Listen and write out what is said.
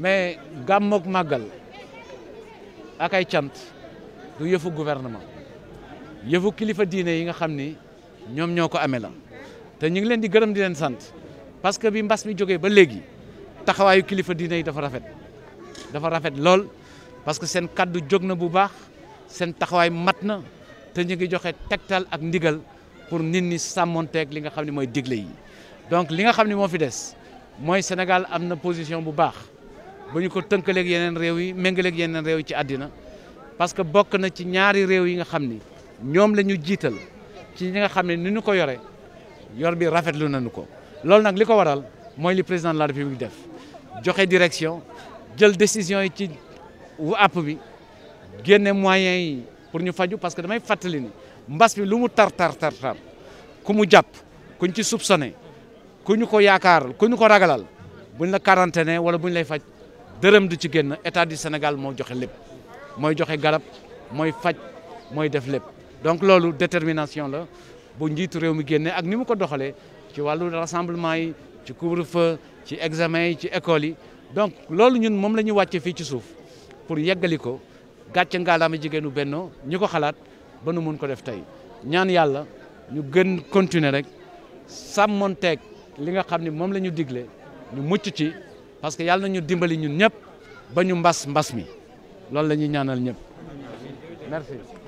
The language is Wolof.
mais gàmmook ak màggal ak ay cant du yëfu gouvernement yëfu kilifa diine yi nga xam ni ñoom ñoo ko amee la te ñu ngi leen di gërëm di leen sant parce que bi mbas mi jógee ba léegi taxawaayu kilifa diina yi dafa rafet dafa rafet lool parce que seen kàddu jóg na bu baax seen taxawaay mat na te ñu ngi joxe tegtal ak ndigal pour nit ñi sàmmonteeg li nga xam ne mooy digle yi donc li nga xam ne moo fi des mooy Sénégal am na position bu baax bu ñu ko tënkaleeg yeneen réew yi méngaleeg yeneen réew yi ci àddina parce que bokk na ci ñaari réew yi nga xam ni ñoom la ñu jiital ci ñi nga xam ne ni ñu ko yore yor bi rafetlu nañu ko loolu nag li ko waral mooy li président de la république def joxe direction jël décision yi ci wu app bi génne moyens yi pour ñu faju parce que damay fàttali ni mbas bi lu mu tar tar tar ku mu jàpp kuñ ci soupçonné ku ñu ko yaakaar ku ñu ko ragalal buñ la quarantaine wala buñ lay faj dërëm di ci génn état di Sénégal moo joxe lépp mooy joxe garab mooy faj mooy def lépp donc loolu détermination la bu njiitu réew mu génnee ak ni mu ko doxalee ci wàllu rassemblement yi ci couvre-feu ci examen yi ci école yi donc loolu ñun moom la ñu wàcce fii ci suuf pour yeggali ko gàcce ngaalaama jigéenu Benno ñi ko xalaat ba nu mun ko def tey ñaan yàlla ñu gën continuer rek sàmmonteeg li nga xam ne moom la ñu digle ñu mucc ci parce que yàlla nañu dimbali ñun ñëpp ba ñu mbas mbas mi loolu la ñuy ñaanal ñëpp merci